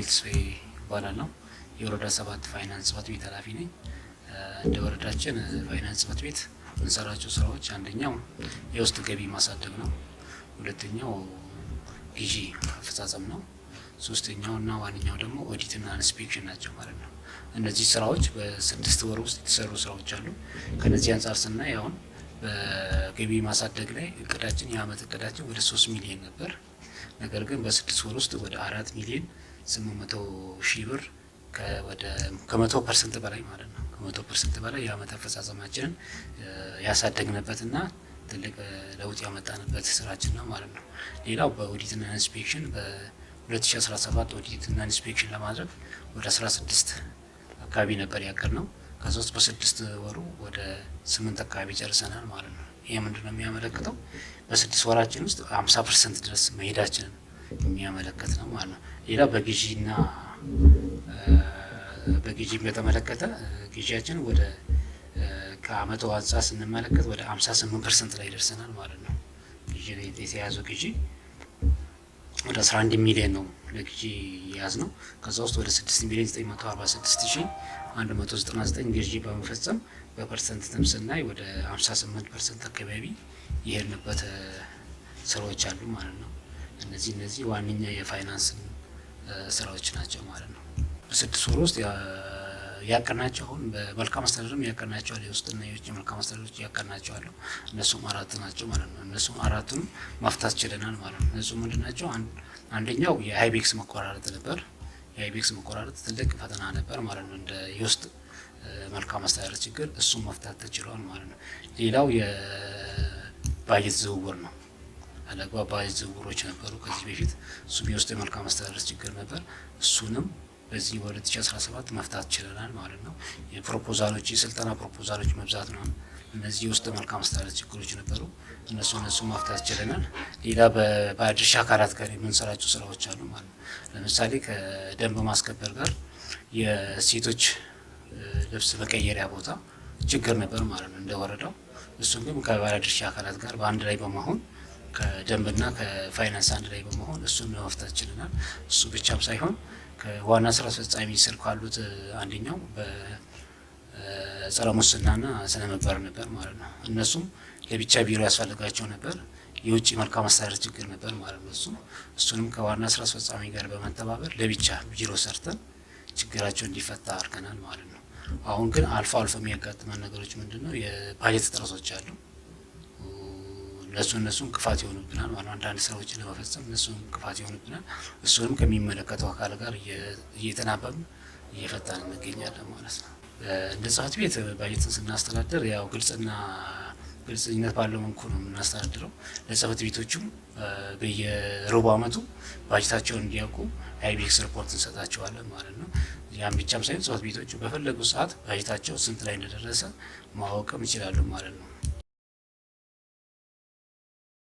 ሮቤል ተስፋዬ ይባላለሁ። የወረዳ ሰባት ፋይናንስ ጽሕፈት ቤት ኃላፊ ነኝ። እንደ ወረዳችን ፋይናንስ ጽሕፈት ቤት የምንሰራቸው ስራዎች አንደኛው የውስጥ ገቢ ማሳደግ ነው። ሁለተኛው ግዢ አፈጻጸም ነው። ሶስተኛው እና ዋነኛው ደግሞ ኦዲትና ኢንስፔክሽን ናቸው ማለት ነው። እነዚህ ስራዎች በስድስት ወር ውስጥ የተሰሩ ስራዎች አሉ። ከነዚህ አንጻር ስናይ አሁን በገቢ ማሳደግ ላይ እቅዳችን የአመት እቅዳችን ወደ ሶስት ሚሊዮን ነበር። ነገር ግን በስድስት ወር ውስጥ ወደ አራት ሚሊዮን ስምንት መቶ ሺህ ብር ወደ ከመቶ ፐርሰንት በላይ ማለት ነው ከመቶ ፐርሰንት በላይ የዓመት አፈጻጸማችንን ያሳደግንበትና ትልቅ ለውጥ ያመጣንበት ስራችን ነው ማለት ነው። ሌላው በኦዲትና ኢንስፔክሽን በ2017 ኦዲትና ኢንስፔክሽን ለማድረግ ወደ 16 አካባቢ ነበር ያቀድ ነው። ከሶስት በስድስት ወሩ ወደ ስምንት አካባቢ ጨርሰናል ማለት ነው። ይህ ምንድነው የሚያመለክተው በስድስት ወራችን ውስጥ 50 ፐርሰንት ድረስ መሄዳችንን የሚያመለከት ነው ማለት ነው። ሌላ በግዢና በግዢን በተመለከተ ግዢያችን ወደ ከአመቱ አንጻር ስንመለከት ወደ 58 ፐርሰንት ላይ ደርሰናል ማለት ነው። ግዢ የተያዘው ግዢ ወደ 11 ሚሊዮን ነው ለግዢ የያዝ ነው። ከዛ ውስጥ ወደ 6 ሚሊዮን 946199 ግዢ በመፈጸም በፐርሰንት ትም ስናይ ወደ 58 ፐርሰንት አካባቢ የሄድንበት ስራዎች አሉ ማለት ነው። እነዚህ እነዚህ ዋነኛ የፋይናንስ ስራዎች ናቸው ማለት ነው። በስድስት ወር ውስጥ ያቀናቸው አሁን በመልካም አስተዳደርም ያቀናቸዋል። የውስጥና የውጭ መልካም አስተዳደሮች ያቀናቸዋለሁ። እነሱም አራት ናቸው ማለት ነው። እነሱም አራቱን ማፍታት ችለናል ማለት ነው። እነሱ ምንድን ናቸው? አንደኛው የሃይቤክስ መቆራረጥ ነበር። የሃይቤክስ መቆራረጥ ትልቅ ፈተና ነበር ማለት ነው። እንደ የውስጥ መልካም አስተዳደር ችግር እሱም መፍታት ተችሏል ማለት ነው። ሌላው የባጀት ዝውውር ነው። አላግባብ ዝውውሮች ነበሩ ከዚህ በፊት እሱም የውስጥ የመልካም አስተዳደር ችግር ነበር። እሱንም በዚህ በ2017 መፍታት ችለናል ማለት ነው። የፕሮፖዛሎች የስልጠና ፕሮፖዛሎች መብዛት ነው። እነዚህ የውስጥ መልካም አስተዳደር ችግሮች ነበሩ። እነሱ እነሱ መፍታት ችለናል። ሌላ በባለድርሻ አካላት ጋር የምንሰራቸው ስራዎች አሉ ማለት ነው። ለምሳሌ ከደንብ ማስከበር ጋር የሴቶች ልብስ መቀየሪያ ቦታ ችግር ነበር ማለት ነው እንደወረደው እሱም ግን ከባለድርሻ አካላት ጋር በአንድ ላይ በመሆን ከደንብና ከፋይናንስ አንድ ላይ በመሆን እሱን መፍታችንና እሱ ብቻም ሳይሆን ከዋና ስራ አስፈጻሚ ስር ካሉት አንደኛው በጸረ ሙስናና ስነ ምግባር ነበር ማለት ነው። እነሱም ለብቻ ቢሮ ያስፈልጋቸው ነበር። የውጭ መልካም አስተዳደር ችግር ነበር ማለት ነው። እሱም እሱንም ከዋና ስራ አስፈጻሚ ጋር በመተባበር ለብቻ ቢሮ ሰርተን ችግራቸው እንዲፈታ አድርገናል ማለት ነው። አሁን ግን አልፎ አልፎ የሚያጋጥመን ነገሮች ምንድን ነው? የባጀት እጥረቶች አሉ። እነሱ እነሱን ክፋት ይሆኑብናል ማለት አንዳንድ ስራዎችን ለመፈጸም እነሱ እንቅፋት ይሆኑብናል። እሱንም ከሚመለከተው አካል ጋር እየተናበብን እየፈታን እንገኛለን ማለት ነው። እንደ ጽሕፈት ቤት ባጀትን ስናስተዳደር ያው ግልጽና ግልጽነት ባለው መልኩ ነው የምናስተዳድረው። ለጽፈት ቤቶቹም በየሩብ ዓመቱ ባጀታቸውን እንዲያውቁ አይቤክስ ሪፖርት እንሰጣቸዋለን ማለት ነው። ያም ብቻም ሳይሆን ጽሕፈት ቤቶቹ በፈለጉ ሰዓት ባጀታቸው ስንት ላይ እንደደረሰ ማወቅም ይችላሉ ማለት ነው።